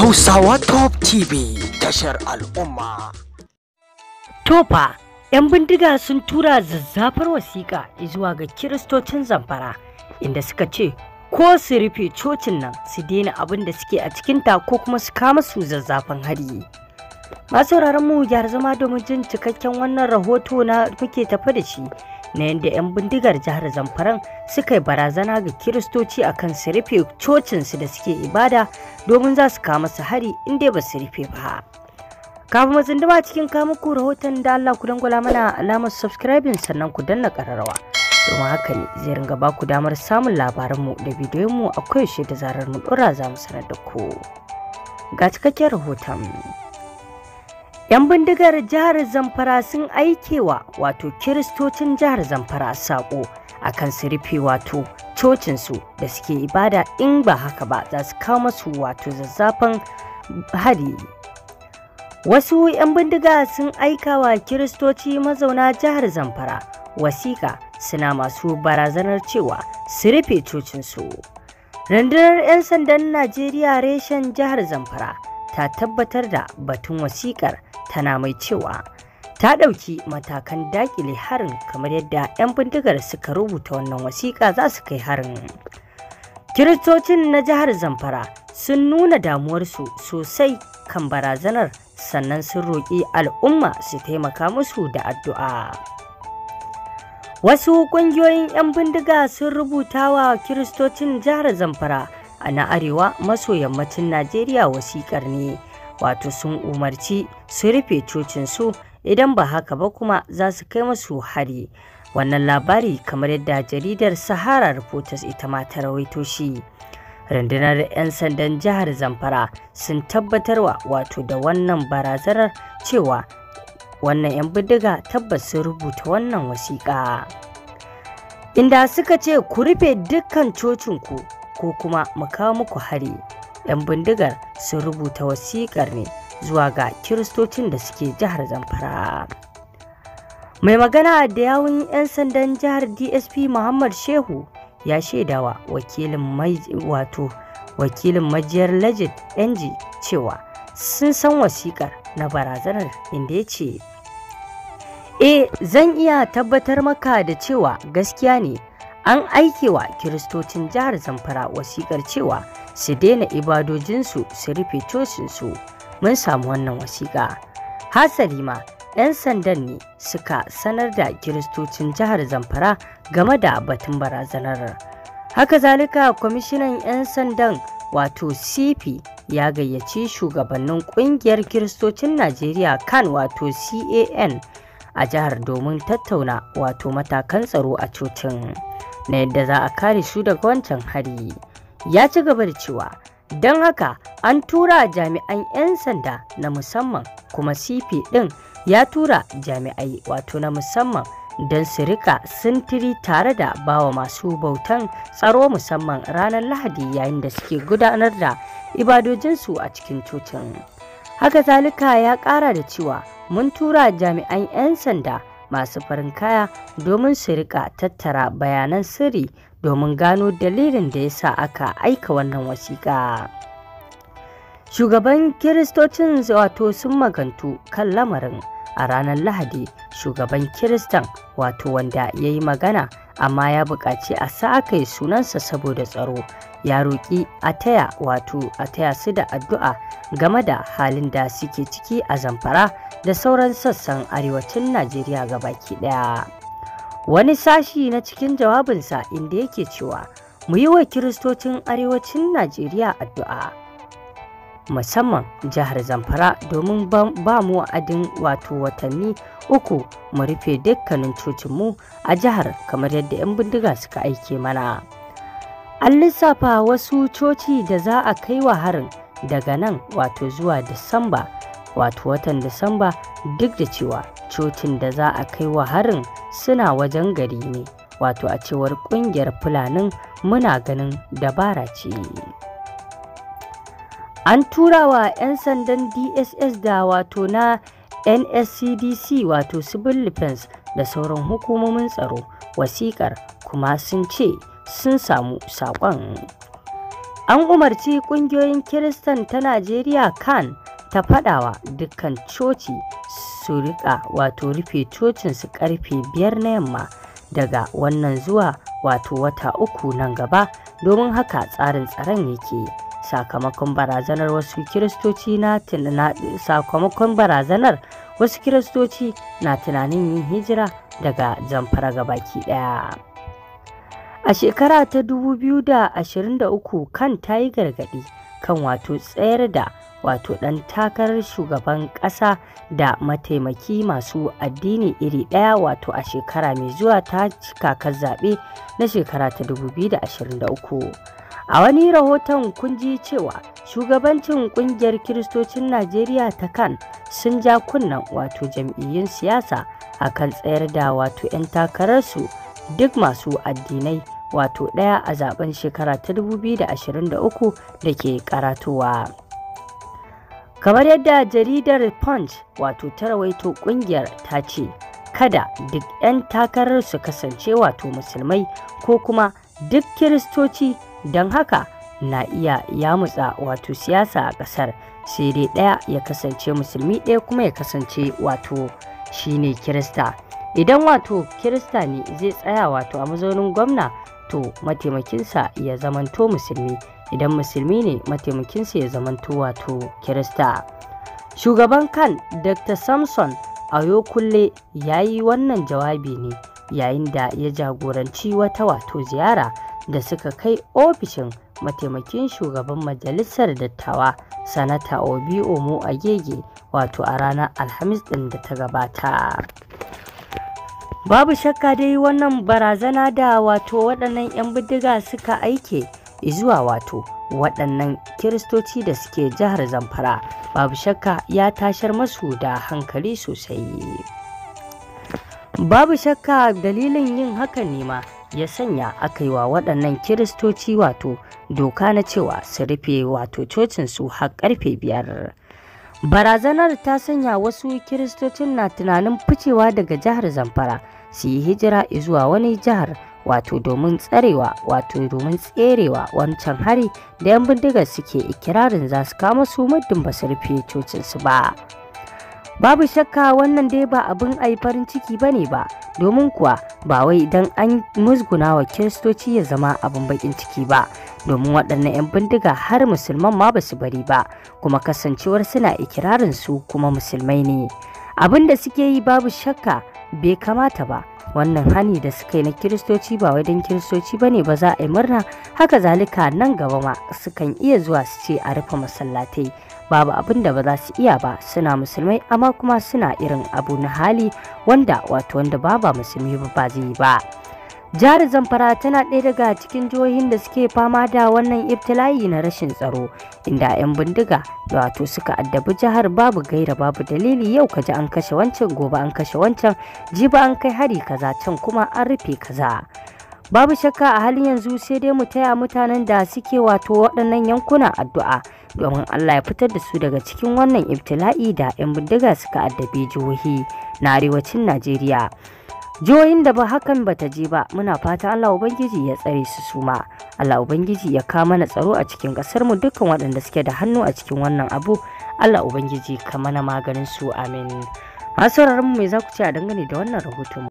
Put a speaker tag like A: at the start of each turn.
A: Hausawa Top TV tashar al'umma. Tofa, 'yan bindiga sun tura zazzafar wasiƙa zuwa ga kiristocin zamfara inda suka ce ko su rufe cocin nan su daina abin da suke a cikinta ko kuma su kama su zazzafan hari. Masu mu ya zama domin jin cikakken wannan rahoto na muke tafa da shi na yadda 'yan bindigar jihar zamfaran suka yi barazana ga kiristoci a kan su cocinsu da suke ibada domin za su kama su hari inda ba su rufe ba kafin mu zinduba cikin kamuku rahoton da allah ku dangwala mana alamar subscribing sannan ku danna kararrawa domin haka ne zai ringa ba ku damar samun labaranmu da bidiyonmu a koyaushe da zarar mu ɗora za mu sanar da ku ga cikakken rahoton 'Yan bindigar jihar Zamfara sun aikewa wato kiristocin jihar Zamfara sako a kan su rufe wato cocinsu da suke ibada in ba haka ba za su kawo masu wato zazzafan hari. Wasu 'yan bindiga sun aika wa kiristoci mazauna jihar Zamfara wasiƙa suna masu barazanar cewa su rufe cocinsu. Rundunar 'yan sandan Najeriya reshen jihar Zamfara ta tabbatar da batun wasiƙar tana mai cewa ta ɗauki matakan dakile harin kamar yadda 'yan bindigar suka rubuta wannan wasiƙa za su kai harin. Kiristocin na jihar Zamfara sun nuna damuwarsu sosai kan barazanar sannan sun roƙi al'umma su taimaka musu da addu'a. Wasu ƙungiyoyin 'yan bindiga sun rubuta wa Kiristocin jihar Zamfara a na arewa maso yammacin najeriya wasikar ne wato sun umarci su rufe cocinsu idan ba haka ba kuma za su kai masu hari wannan labari kamar yadda jaridar sahara reporters ita ma ta rawaito shi rundunar 'yan sandan jihar zamfara sun tabbatarwa wato da wannan barazanar cewa wannan 'yan bindiga tabbas sun rubuta wannan wasiƙa inda suka ce ku rufe dukkan cocinku ko kuma mu kawo muku hari 'yan bindigar sun rubuta wasiƙar ne zuwa ga kiristocin da suke jihar zamfara mai magana da yawun 'yan sandan jihar dsp muhammad shehu ya shaidawa wakilin wato wakilin majiyar legit ng cewa sun san wasikar na barazanar inda ya ce e zan iya tabbatar maka da cewa gaskiya ne an aike wa kiristocin jihar zamfara wasikar cewa su daina ibadojinsu su rufe cocinsu mun samu wannan wasiƙa hasali ma 'yan sandan ne suka sanar da kiristocin jihar zamfara game da batun barazanar haka zalika kwamishinan 'yan sandan wato cp ya gayyaci shugabannin kungiyar kiristocin najeriya kan wato can a jihar domin tattauna wato matakan tsaro a cocin. na yadda za a kare su daga wancan hari ya ci gaba da cewa don haka an tura jami'an 'yan sanda na musamman kuma cp ɗin ya tura jami'ai wato na musamman don su rika sintiri tare da bawa masu bautan tsaro musamman ranar lahadi yayin da suke gudanar da ibadojinsu a cikin cocin haka zalika ya kara da cewa mun tura jami'an 'yan sanda masu farin kaya domin su rika tattara bayanan sirri domin gano dalilin da ya sa aka aika wannan wasiƙa. Shugaban Kiristocin wato sun magantu kan lamarin a ranar Lahadi shugaban Kiristan wato wanda ya yi magana amma ya buƙaci a sa aka yi sunansa saboda tsaro ya roƙi a taya wato a taya su da addu'a game da halin da suke ciki a zamfara da sauran sassan arewacin najeriya ga baki ɗaya wani sashi na cikin jawabinsa inda yake cewa mu yi wa kiristocin arewacin najeriya addu'a musamman jihar zamfara domin ba mu wa'adin wato watanni uku mu rufe dukkanin cocinmu a jihar kamar yadda 'yan bindiga suka aike mana. An lissafa wasu coci da za a kai wa harin daga nan wato zuwa Disamba wato watan Disamba duk da cewa cocin da za a kai wa harin suna wajen gari ne wato a cewar kungiyar fulanin muna ganin dabara ce. An turawa 'yan sandan DSS da wato na NSCDC wato civil defense da sauran hukumomin tsaro wasikar kuma sun ce sun samu saƙon. An umarci ƙungiyoyin Kiristan ta Najeriya kan ta faɗawa dukkan coci su rika wato rufe cocinsu karfe biyar na yamma daga wannan zuwa wato wata uku nan gaba domin haka tsarin tsaron yake sakamakon barazanar wasu kiristoci na sakamakon barazanar wasu kiristoci na tunanin yin hijira daga zamfara gabaki ɗaya. A shekara ta 2023 kan ta yi gargaɗi kan wato tsayar da wato ɗan takarar shugaban ƙasa da mataimaki masu addini iri ɗaya wato a shekara mai zuwa ta cikakar zaɓe na shekara ta 2023. A wani rahoton kun ji cewa shugabancin ƙungiyar Kiristocin Najeriya ta kan sun ja kunnan wato jam'iyyun siyasa akan tsayar da wato 'yan takararsu duk masu addinai wato ɗaya a zaben shekara ta 2023 da ke karatowa. Kamar yadda jaridar Punch wato ta rawaito kungiyar ta ce, kada duk 'yan takarar su kasance wato musulmai ko kuma duk kiristoci don haka na iya yamutsa wato siyasa a ƙasar sai dai ɗaya ya kasance musulmi ɗaya kuma ya kasance wato shine kirista. idan wato kirista ne zai tsaya wato a mazaunin gwamna to mataimakinsa ya zamanto musulmi idan musulmi ne mataimakinsa ya zamanto wato kirista shugaban kan dr samson ayokulle ya yi wannan jawabi ne yayin da ya jagoranci wata wato ziyara da suka kai ofishin mataimakin shugaban majalisar dattawa sanata obi omo agege wato a ranar alhamis ɗin da ta gabata babu shakka dai wannan barazana da wato waɗannan 'yan bindiga suka aike zuwa wato waɗannan kiristoci da suke jihar zamfara babu shakka ya tashar masu da hankali sosai babu shakka dalilin yin hakan nema ya sanya aka yi wa waɗannan kiristoci wato doka na cewa su rufe wato cocinsu har karfe biyar Barazanar ta sanya wasu kiristocin na tunanin ficewa daga jihar Zamfara su yi hijira zuwa wani jihar wato domin tsarewa wato domin tserewa wancan hari da 'yan bindigar suke ikirarin za su kama su muddin ba su rufe cocinsu ba. Babu shakka wannan dai ba abin a farin ciki ba ne ba, domin kuwa ba wai idan an musguna wa kiristoci ya zama abin bakin ciki ba. domin waɗannan 'yan bindiga har musulman ma ba su bari ba kuma kasancewar suna ikirarin su kuma musulmai ne abin da suke yi babu shakka bai kamata ba wannan hani da suka yi na kiristoci ba wai don kiristoci ba ne ba za a yi murna haka zalika nan gaba ma sukan iya zuwa su ce a rufe masallatai babu abin da ba za su iya ba suna musulmai amma kuma suna irin abu na hali wanda wato wanda ba musulmi ba ba zai yi ba Jihar Zamfara tana ɗaya daga cikin jihohin da suke fama da wannan ibtila'i na rashin tsaro, inda 'yan bindiga da wato suka addabi jihar babu gaira babu dalili yau ka ji an kashe wancan gobe an kashe wancan jiba an kai hari kaza can kuma an rufe kaza. Babu shakka a halin yanzu sai dai mu taya mutanen da suke wato waɗannan yankuna addu'a domin Allah ya fitar da su daga cikin wannan iftila'i da 'yan bindiga suka addabi jihohi na arewacin Najeriya. jihohin da ba hakan bata je ba muna fata Allah Ubangiji ya tsare su suma. Allah Ubangiji ya kama mana tsaro a cikin ƙasar mu dukkan waɗanda suke da hannu a cikin wannan abu. Allah Ubangiji ka na maganin su amin. Masu mu me za ku ce a dangane da wannan rahoton